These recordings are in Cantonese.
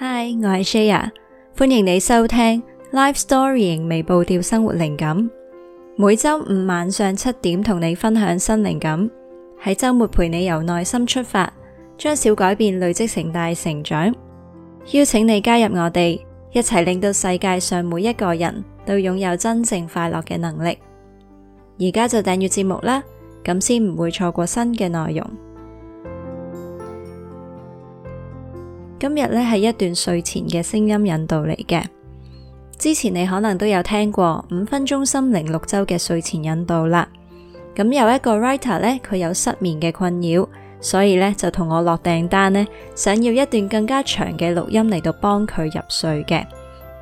Hi，我係 Shaya，歡迎你收聽 Live Story 微步調生活靈感，每周五晚上七點同你分享新靈感，喺周末陪你由內心出發，將小改變累積成大成長，邀請你加入我哋，一齊令到世界上每一個人都擁有真正快樂嘅能力。而家就訂閱節目啦，咁先唔會錯過新嘅內容。今日咧係一段睡前嘅聲音引導嚟嘅之前你可能都有聽過五分鐘心靈綠洲嘅睡前引導啦。咁有一個 writer 咧，佢有失眠嘅困擾，所以咧就同我落訂單咧，想要一段更加長嘅錄音嚟到幫佢入睡嘅。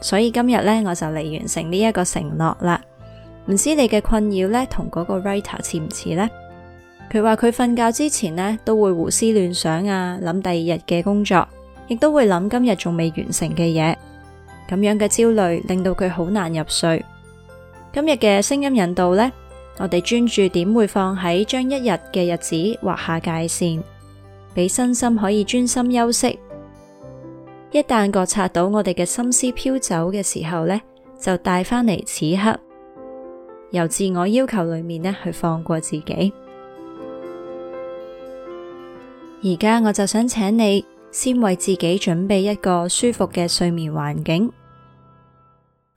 所以今日咧，我就嚟完成呢一個承諾啦。唔知你嘅困擾咧，同嗰個 writer 似唔似呢？佢話佢瞓覺之前呢，都會胡思亂想啊，諗第二日嘅工作。亦都會諗今日仲未完成嘅嘢，咁樣嘅焦慮令到佢好難入睡。今日嘅聲音引導呢，我哋專注點會放喺將一日嘅日子劃下界線，俾身心可以專心休息。一旦覺察到我哋嘅心思飄走嘅時候呢，就帶返嚟此刻，由自我要求裏面呢去放過自己。而家我就想請你。先為自己準備一個舒服嘅睡眠環境。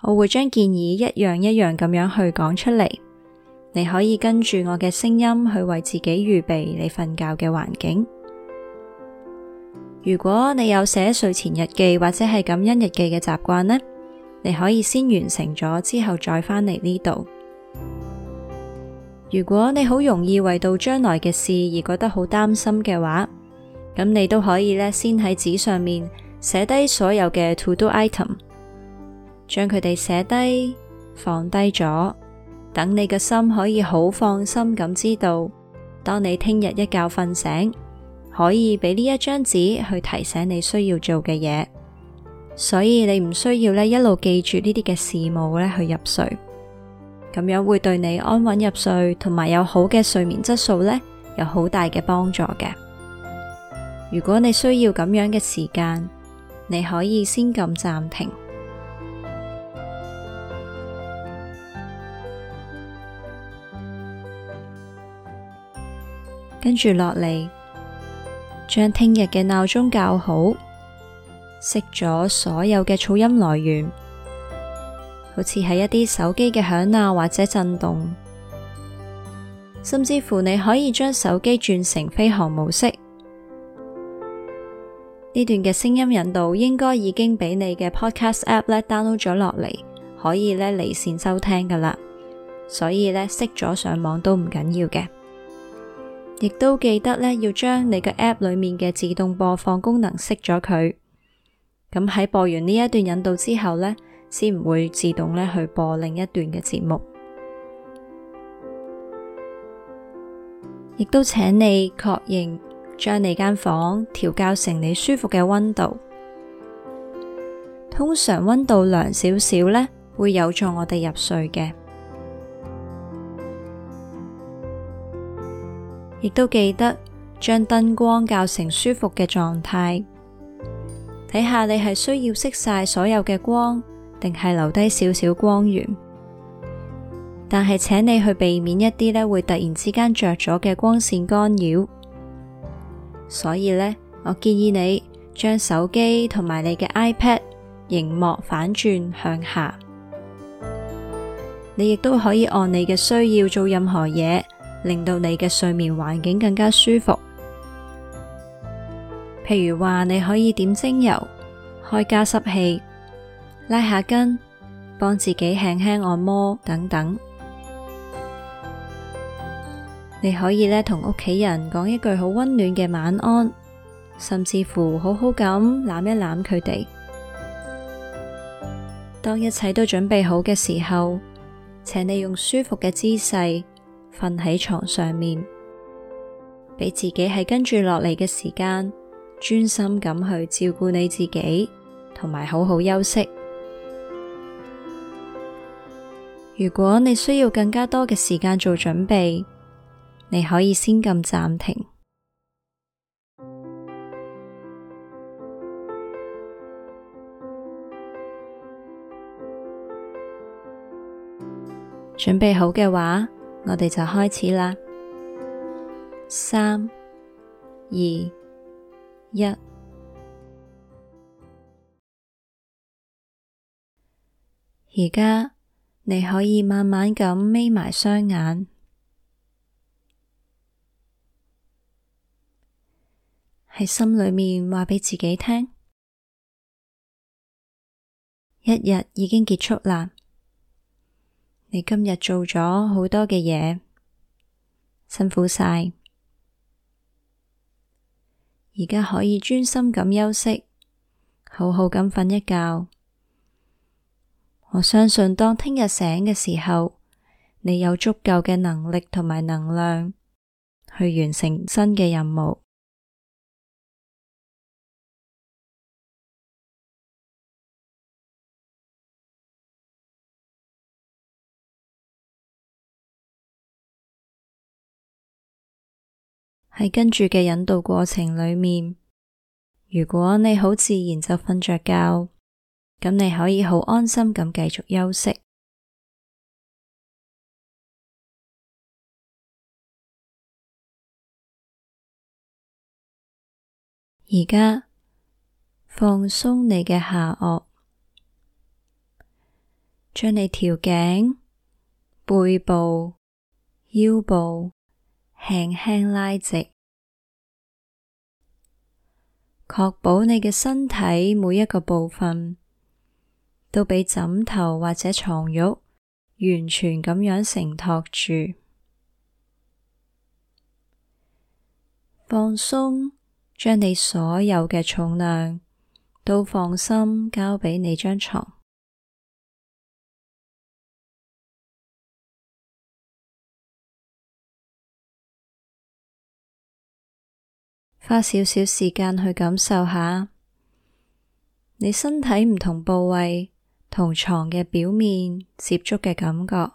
我會將建議一樣一樣咁樣去講出嚟，你可以跟住我嘅聲音去為自己預備你瞓覺嘅環境。如果你有寫睡前日記或者係感恩日記嘅習慣呢，你可以先完成咗之後再返嚟呢度。如果你好容易為到將來嘅事而覺得好擔心嘅話，咁你都可以咧，先喺紙上面寫低所有嘅 to do item，將佢哋寫低放低咗，等你嘅心可以好放心咁知道，當你聽日一覺瞓醒，可以俾呢一張紙去提醒你需要做嘅嘢，所以你唔需要咧一路記住呢啲嘅事務咧去入睡，咁樣會對你安穩入睡同埋有好嘅睡眠質素咧有好大嘅幫助嘅。如果你需要咁樣嘅時間，你可以先撳暫停，跟住落嚟將聽日嘅鬧鐘校好，熄咗所有嘅噪音來源，好似係一啲手機嘅響鬧或者震動，甚至乎你可以將手機轉成飛行模式。呢段嘅聲音引導應該已經俾你嘅 podcast app 咧 download 咗落嚟，可以咧離線收聽㗎喇，所以咧熄咗上網都唔緊要嘅，亦都記得咧要將你嘅 app 裏面嘅自動播放功能熄咗佢，咁喺播完呢一段引導之後咧，先唔會自動咧去播另一段嘅節目，亦都請你確認。將你間房調校成你舒服嘅溫度，通常溫度涼少少呢，會有助我哋入睡嘅。亦都記得將燈光校成舒服嘅狀態，睇下你係需要熄晒所有嘅光，定係留低少少光源。但係，請你去避免一啲呢會突然之間着咗嘅光綫干擾。所以呢，我建議你將手機同埋你嘅 iPad 熒幕反轉向下。你亦都可以按你嘅需要做任何嘢，令到你嘅睡眠環境更加舒服。譬如話，你可以點精油、開加濕器、拉下筋、幫自己輕輕按摩等等。你可以咧同屋企人講一句好溫暖嘅晚安，甚至乎好好咁攬一攬佢哋。當一切都準備好嘅時候，請你用舒服嘅姿勢瞓喺床上面，俾自己喺跟住落嚟嘅時間，專心咁去照顧你自己，同埋好好休息。如果你需要更加多嘅時間做準備。你可以先撳暫停，準備好嘅話，我哋就開始啦。三、二、一，而家你可以慢慢咁眯埋雙眼。喺心裏面話畀自己聽，一日已經結束啦。你今日做咗好多嘅嘢，辛苦晒，而家可以專心咁休息，好好咁瞓一覺。我相信，當聽日醒嘅時候，你有足夠嘅能力同埋能量去完成新嘅任務。喺跟住嘅引導過程裏面，如果你好自然就瞓着覺，咁你可以好安心咁繼續休息。而家，放鬆你嘅下顎，將你條頸、背部、腰部。輕輕拉直，確保你嘅身體每一個部分都俾枕頭或者床褥完全咁樣承托住，放鬆，將你所有嘅重量都放心交畀你張床。花少少時間去感受下你身體唔同部位同床嘅表面接觸嘅感覺。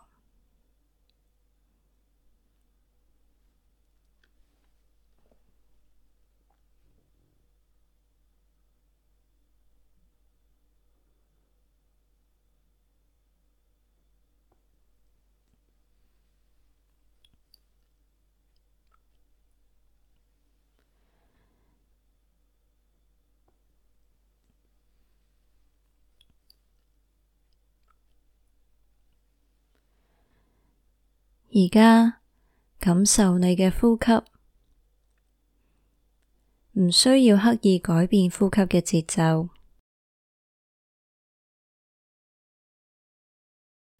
而家感受你嘅呼吸，唔需要刻意改變呼吸嘅節奏。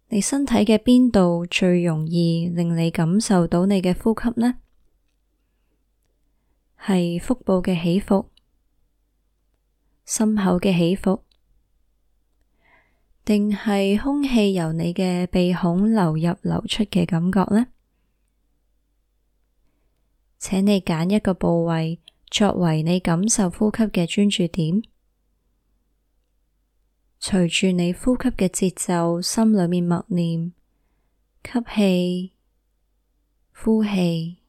你身體嘅邊度最容易令你感受到你嘅呼吸呢？係腹部嘅起伏，心口嘅起伏。定係空氣由你嘅鼻孔流入流出嘅感覺呢？請你揀一個部位作為你感受呼吸嘅專注點，隨住你呼吸嘅節奏，心裏面默念吸氣、呼氣。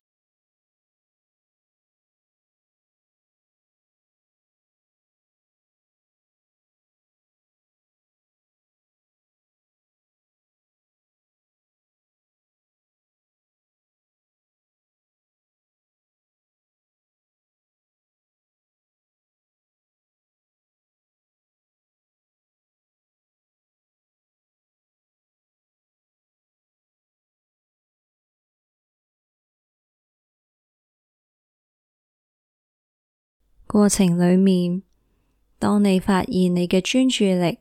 過程裏面，當你發現你嘅專注力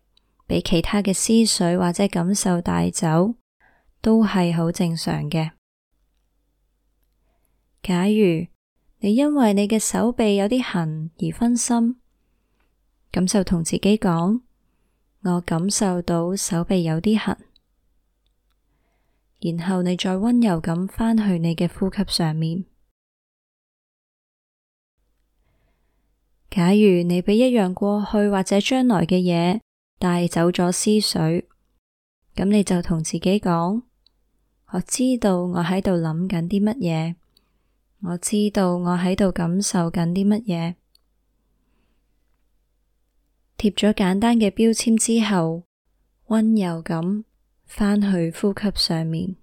被其他嘅思緒或者感受帶走，都係好正常嘅。假如你因為你嘅手臂有啲痕而分心，咁就同自己講：我感受到手臂有啲痕。然後你再温柔咁返去你嘅呼吸上面。假如你俾一樣過去或者將來嘅嘢帶走咗思緒，咁你就同自己講：我知道我喺度諗緊啲乜嘢，我知道我喺度感受緊啲乜嘢。貼咗簡單嘅標籤之後，溫柔咁返去呼吸上面。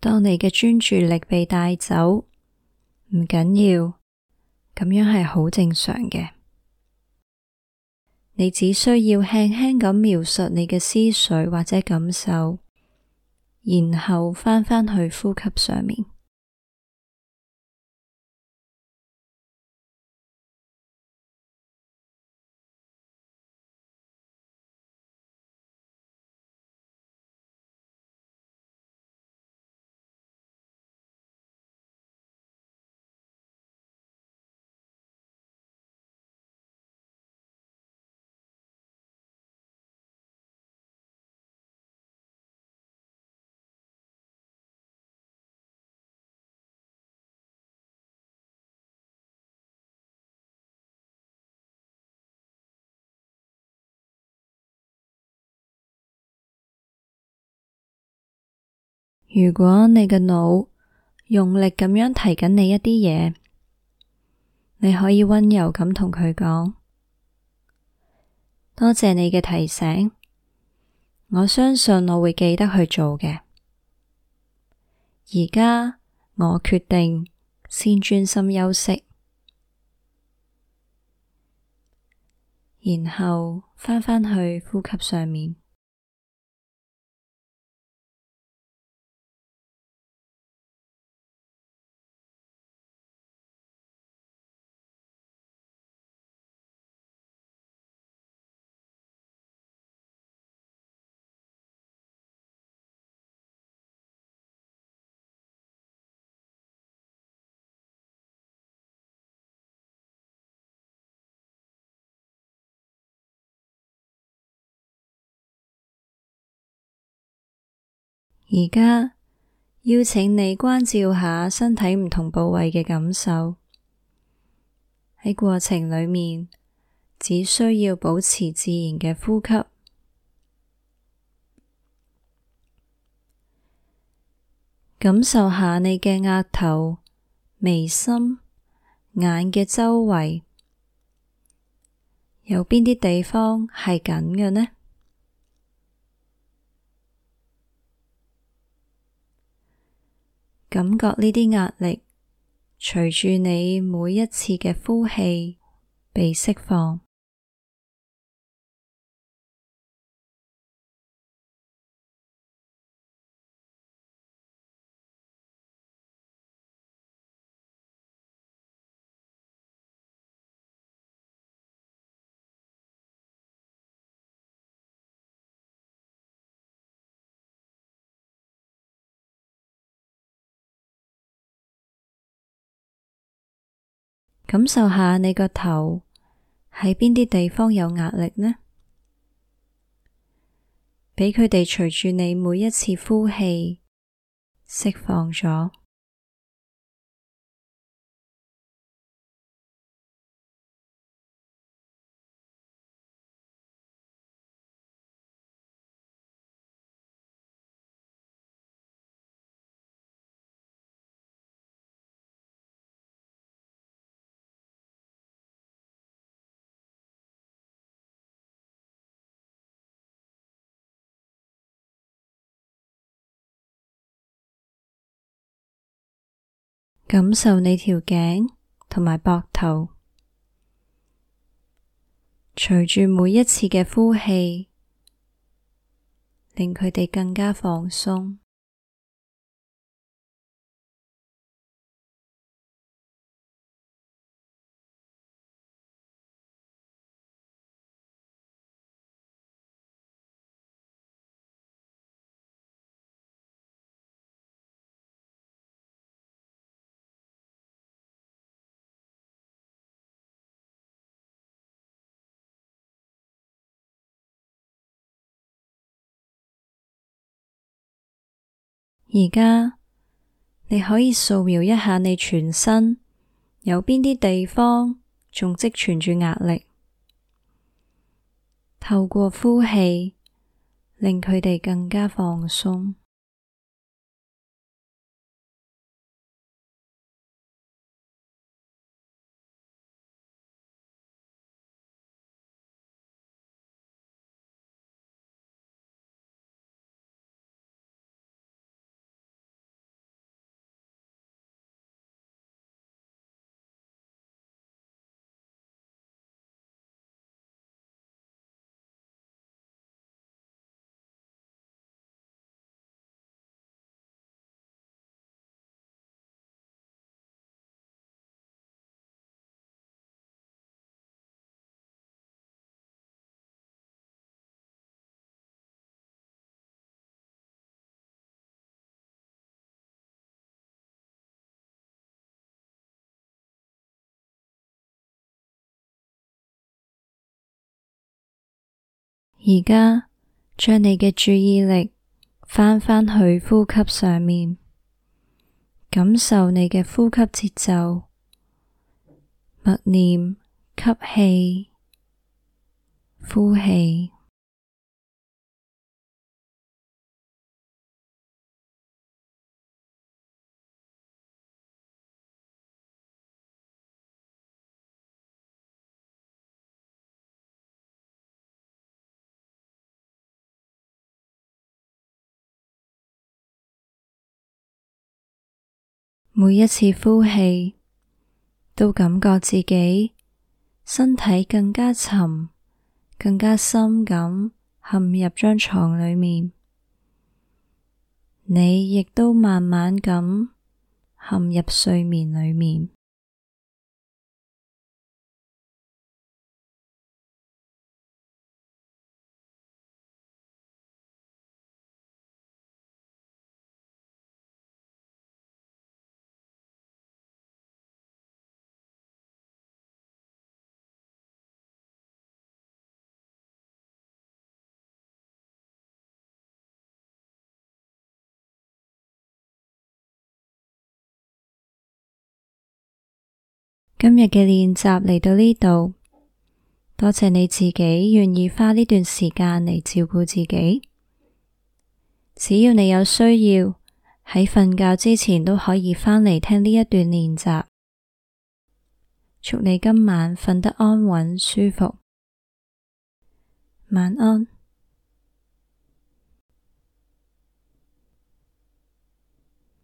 當你嘅專注力被帶走，唔緊要，咁樣係好正常嘅。你只需要輕輕咁描述你嘅思緒或者感受，然後翻返去呼吸上面。如果你嘅腦用力咁樣提緊你一啲嘢，你可以溫柔咁同佢講：多謝你嘅提醒，我相信我會記得去做嘅。而家我決定先專心休息，然後翻返去呼吸上面。而家邀請你關照下身體唔同部位嘅感受，喺過程裏面，只需要保持自然嘅呼吸，感受下你嘅額頭、眉心、眼嘅周圍，有邊啲地方係緊嘅呢？感覺呢啲壓力，隨住你每一次嘅呼氣被釋放。感受下你個頭喺邊啲地方有壓力呢？畀佢哋隨住你每一次呼氣釋放咗。感受你條頸同埋膊頭，隨住每一次嘅呼氣，令佢哋更加放鬆。而家你可以掃描一下你全身有邊啲地方仲積存住壓力，透過呼氣令佢哋更加放鬆。而家將你嘅注意力翻返去呼吸上面，感受你嘅呼吸節奏，默念、吸氣、呼氣。每一次呼氣，都感覺自己身體更加沉、更加深咁陷入張床裏面，你亦都慢慢咁陷入睡眠裏面。今日嘅練習嚟到呢度，多謝你自己願意花呢段時間嚟照顧自己。只要你有需要，喺瞓覺之前都可以翻嚟聽呢一段練習。祝你今晚瞓得安穩、舒服。晚安。